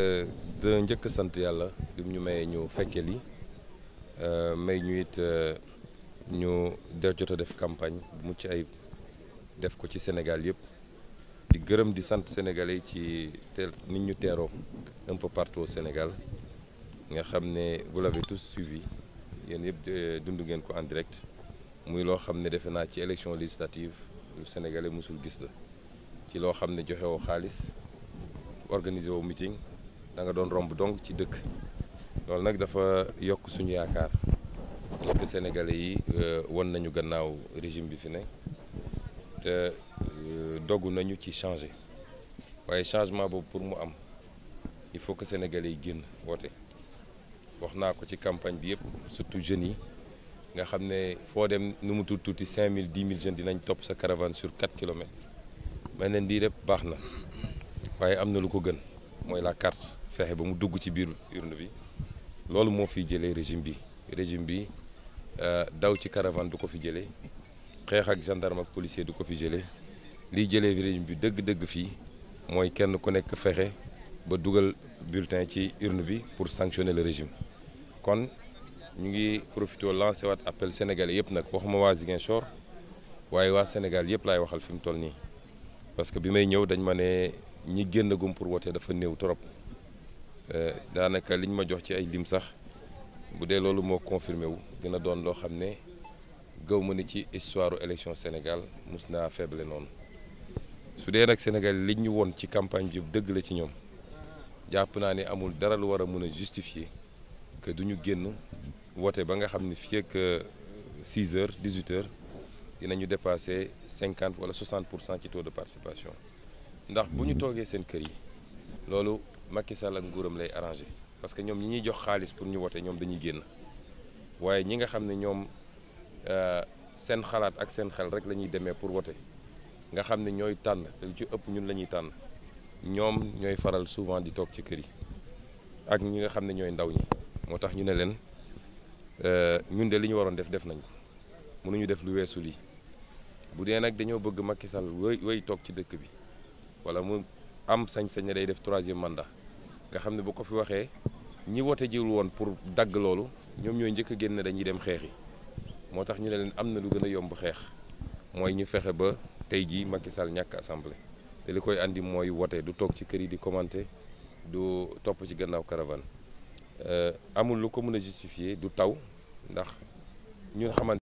Euh, dina njëkk sant yàlla bi ñu mayee ñu fekkee lii euh, may ñu it euh, ñu de jot def campagne bu mucc ayib def ko ci Sénégal yëpp di gërëm di sant sénégalais ci teel nit ñu teeroo un parto partout Sénégal nga xam ne vous l'avez tous suivi yéen yëpp dund ngeen ko en muy loo xam ne defe naa ci élection législative lu sénégalais mosul gis la ci loo xam ne joxe woo xaalis organiser meeting. da nga doon romb donc ci dëkk loolu nag dafa yokk suñu yaakaar nekk sénégalais yi euh, won nañu gannaaw régime bi fi ne te euh, dogu nañu ci changer waaye changement boobu pour mu am il faut que sénégalais yi génn woote wax naa ko ci campagne bi yëpp surtout jeunes yi nga xam ne foo dem nu mu tuuti tuuti 5000 10 000 jeune dinañ topp sa caravane sur 4 kilomètres mais leen di rek baax na waaye am na lu ko gën mooy la carte fexe ba mu dugg ci biir urne bi loolu moo fi jëlee régime bi régime bi euh, daw ci caravane du ko fi jëlee xeex ak gendarme ak policier du ko fi jële liy jëlee régime bi dëgg-dëgg fii mooy kenn ku nekk fexe ba dugal bulletin ci urne bi pour sanctionner le régime kon ñu ngi profité lancé waat appel sénégalais yëpp nag ma waa Ziguinchor waaye waa Sénégal yëpp laay waxal fi mu toll nii parce que bi may ñëw dañ ma ne ñi génnagum pour wote dafa néew trop. Euh, daanaka liñ ma jox ci ay lim sax bu dee loolu moo confirmé wu dina doon loo xam ne gëw ma ni ci histoire élection Sénégal mus naa faible noonu su dee nag Sénégal liñ ñu woon ci campagne bi dëgg la ci ñoom jàpp naa ni amul dara lu war a mën a justifier que du ñu génn woote ba nga xam ne fii ak 6 euh, heures 18 heures dinañu dépasser 50 wala 60 pour cent ci taux de participation ndax bu ñu toogee seen kër yi loolu. Macky Sall ak nguuram lay arrangé parce que ñoom ñi ñuy jox xaalis pour ñu wote ñoom dañuy génn waaye ñi nga xam ne ñoom euh, seen xalaat ak seen xel rek la ñuy demee pour wote nga xam ne ñooy tànn te lu ci ëpp ñun la ñuy tànn ñoom ñooy faral souvent di toog ci kër yi ak ñi nga xam ne ñooy ndaw ñi moo tax ñu ne leen euh, ñun de li ñu waroon def def nañ ko mënuñu def lu weesu lii bu dee nag dañoo bëgg Macky Sall wéy toog ci dëkk bi wala mu am sañ-sañ day def troisième mandat nga xam ne bu ko fi waxee ñi wote jiwul woon pour dagg loolu ñoom ñooy njëkk a génn dañuy dem xeex yi moo tax ñu ne leen am na lu gën a yomb xeex mooy ñu fexe ba tey jii Macky Sall ñàkk assemblée te li koy andi mooy wote du toog ci kër yi di commenter du topp ci gannaaw caravane euh, amul lu ko mën a justifier du taw ndax ñun xamante